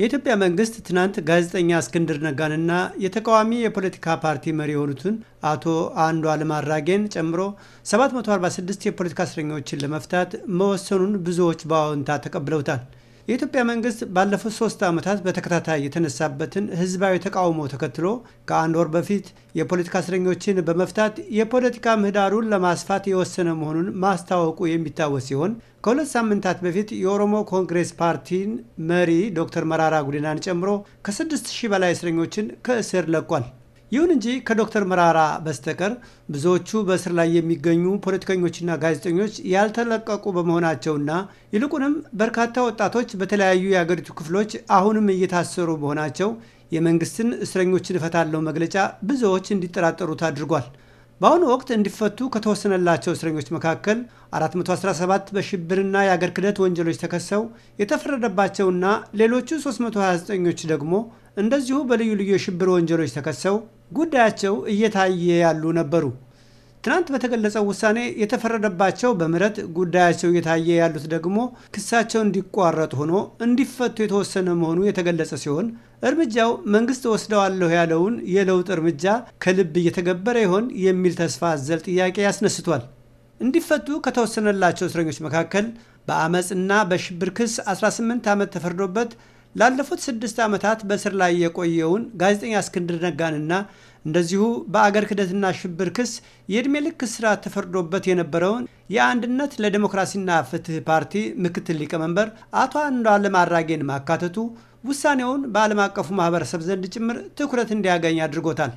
የኢትዮጵያ መንግስት ትናንት ጋዜጠኛ እስክንድር ነጋንና የተቃዋሚ የፖለቲካ ፓርቲ መሪ የሆኑትን አቶ አንዱ አራጌን ጨምሮ 746 የፖለቲካ እስረኞችን ለመፍታት መወሰኑን ብዙዎች በአዎንታ ተቀብለውታል። የኢትዮጵያ መንግስት ባለፉት ሶስት ዓመታት በተከታታይ የተነሳበትን ህዝባዊ ተቃውሞ ተከትሎ ከአንድ ወር በፊት የፖለቲካ እስረኞችን በመፍታት የፖለቲካ ምህዳሩን ለማስፋት የወሰነ መሆኑን ማስታወቁ የሚታወስ ሲሆን ከሁለት ሳምንታት በፊት የኦሮሞ ኮንግሬስ ፓርቲን መሪ ዶክተር መራራ ጉዲናን ጨምሮ ከስድስት ሺህ በላይ እስረኞችን ከእስር ለቋል። ይሁን እንጂ ከዶክተር መራራ በስተቀር ብዙዎቹ በእስር ላይ የሚገኙ ፖለቲከኞችና ጋዜጠኞች ያልተለቀቁ በመሆናቸውና ይልቁንም በርካታ ወጣቶች በተለያዩ የአገሪቱ ክፍሎች አሁንም እየታሰሩ መሆናቸው የመንግስትን እስረኞችን እፈታለሁ መግለጫ ብዙዎች እንዲጠራጠሩት አድርጓል። በአሁኑ ወቅት እንዲፈቱ ከተወሰነላቸው እስረኞች መካከል 417 በሽብርና የአገር ክህደት ወንጀሎች ተከሰው የተፈረደባቸውና ሌሎቹ 329 ዎች ደግሞ እንደዚሁ በልዩ ልዩ የሽብር ወንጀሎች ተከሰው ጉዳያቸው እየታየ ያሉ ነበሩ። ትናንት በተገለጸው ውሳኔ የተፈረደባቸው በምህረት ጉዳያቸው እየታየ ያሉት ደግሞ ክሳቸው እንዲቋረጥ ሆኖ እንዲፈቱ የተወሰነ መሆኑ የተገለጸ ሲሆን እርምጃው መንግስት ወስደዋለሁ ያለውን የለውጥ እርምጃ ከልብ እየተገበረ ይሆን የሚል ተስፋ አዘል ጥያቄ ያስነስቷል። እንዲፈቱ ከተወሰነላቸው እስረኞች መካከል በአመፅና በሽብር ክስ 18 ዓመት ተፈርዶበት ላለፉት ስድስት ዓመታት በእስር ላይ የቆየውን ጋዜጠኛ እስክንድር ነጋንና እንደዚሁ በአገር ክደትና ሽብር ክስ የዕድሜ ልክ እስራት ተፈርዶበት የነበረውን የአንድነት ለዴሞክራሲና ፍትህ ፓርቲ ምክትል ሊቀመንበር አቶ አንዱዓለም አራጌን ማካተቱ ውሳኔውን በዓለም አቀፉ ማህበረሰብ ዘንድ ጭምር ትኩረት እንዲያገኝ አድርጎታል።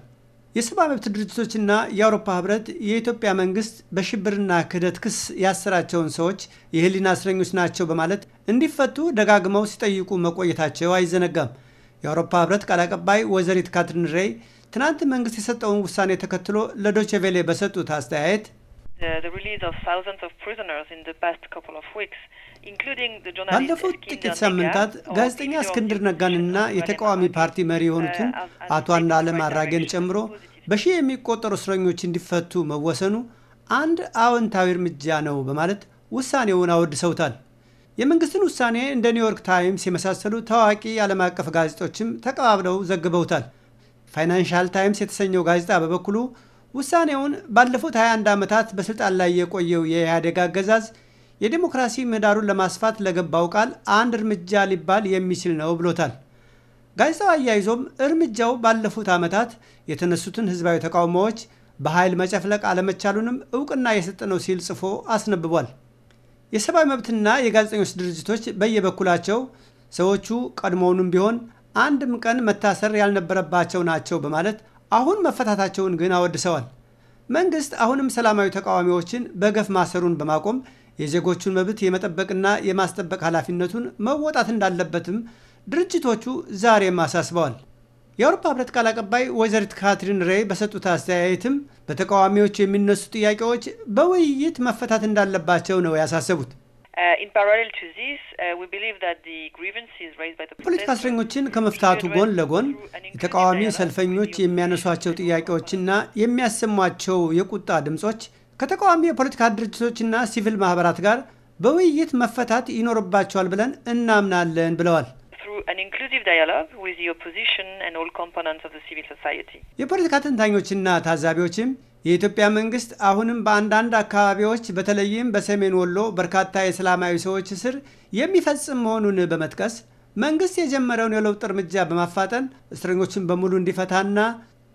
የሰብአዊ መብት ድርጅቶችና የአውሮፓ ህብረት የኢትዮጵያ መንግስት በሽብርና ክህደት ክስ ያሰራቸውን ሰዎች የህሊና እስረኞች ናቸው በማለት እንዲፈቱ ደጋግመው ሲጠይቁ መቆየታቸው አይዘነጋም። የአውሮፓ ህብረት ቃል አቀባይ ወይዘሪት ካትሪን ሬይ ትናንት መንግስት የሰጠውን ውሳኔ ተከትሎ ለዶቼ ቬሌ በሰጡት አስተያየት ባለፉት ጥቂት ሳምንታት ጋዜጠኛ እስክንድር ነጋንና የተቃዋሚ ፓርቲ መሪ የሆኑትን አቶ አንዱዓለም አራጌን ጨምሮ በሺህ የሚቆጠሩ እስረኞች እንዲፈቱ መወሰኑ አንድ አዎንታዊ እርምጃ ነው በማለት ውሳኔውን አወድሰውታል። የመንግስትን ውሳኔ እንደ ኒውዮርክ ታይምስ የመሳሰሉ ታዋቂ ዓለም አቀፍ ጋዜጦችም ተቀባብለው ዘግበውታል። ፋይናንሻል ታይምስ የተሰኘው ጋዜጣ በበኩሉ ውሳኔውን ባለፉት 21 ዓመታት በስልጣን ላይ የቆየው የኢህአዴግ አገዛዝ የዲሞክራሲ ምህዳሩን ለማስፋት ለገባው ቃል አንድ እርምጃ ሊባል የሚችል ነው ብሎታል። ጋዜጣው አያይዞም እርምጃው ባለፉት ዓመታት የተነሱትን ህዝባዊ ተቃውሞዎች በኃይል መጨፍለቅ አለመቻሉንም እውቅና የሰጠ ነው ሲል ጽፎ አስነብቧል። የሰብአዊ መብትና የጋዜጠኞች ድርጅቶች በየበኩላቸው ሰዎቹ ቀድሞውንም ቢሆን አንድም ቀን መታሰር ያልነበረባቸው ናቸው በማለት አሁን መፈታታቸውን ግን አወድሰዋል። መንግስት አሁንም ሰላማዊ ተቃዋሚዎችን በገፍ ማሰሩን በማቆም የዜጎቹን መብት የመጠበቅና የማስጠበቅ ኃላፊነቱን መወጣት እንዳለበትም ድርጅቶቹ ዛሬም አሳስበዋል። የአውሮፓ ህብረት ቃል አቀባይ ወይዘሪት ካትሪን ሬይ በሰጡት አስተያየትም በተቃዋሚዎች የሚነሱ ጥያቄዎች በውይይት መፈታት እንዳለባቸው ነው ያሳሰቡት። uh, uh, ፖለቲካ እስረኞችን ከመፍታቱ ጎን ለጎን የተቃዋሚ ሰልፈኞች የሚያነሷቸው ጥያቄዎችና የሚያሰሟቸው የቁጣ ድምጾች ከተቃዋሚ የፖለቲካ ድርጅቶችና ሲቪል ማህበራት ጋር በውይይት መፈታት ይኖርባቸዋል ብለን እናምናለን ብለዋል። an inclusive dialogue with the opposition and all components of the civil society። የፖለቲካ ተንታኞችና ታዛቢዎችም የኢትዮጵያ መንግስት አሁንም በአንዳንድ አካባቢዎች በተለይም በሰሜን ወሎ በርካታ የሰላማዊ ሰዎች እስር የሚፈጽም መሆኑን በመጥቀስ መንግስት የጀመረውን የለውጥ እርምጃ በማፋጠን እስረኞችን በሙሉ እንዲፈታና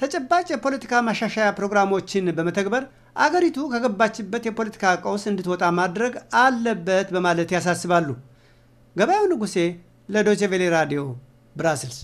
ተጨባጭ የፖለቲካ ማሻሻያ ፕሮግራሞችን በመተግበር አገሪቱ ከገባችበት የፖለቲካ ቀውስ እንድትወጣ ማድረግ አለበት በማለት ያሳስባሉ። ገበያው ንጉሴ ለዶቼ ቬሌ ራዲዮ ብራስልስ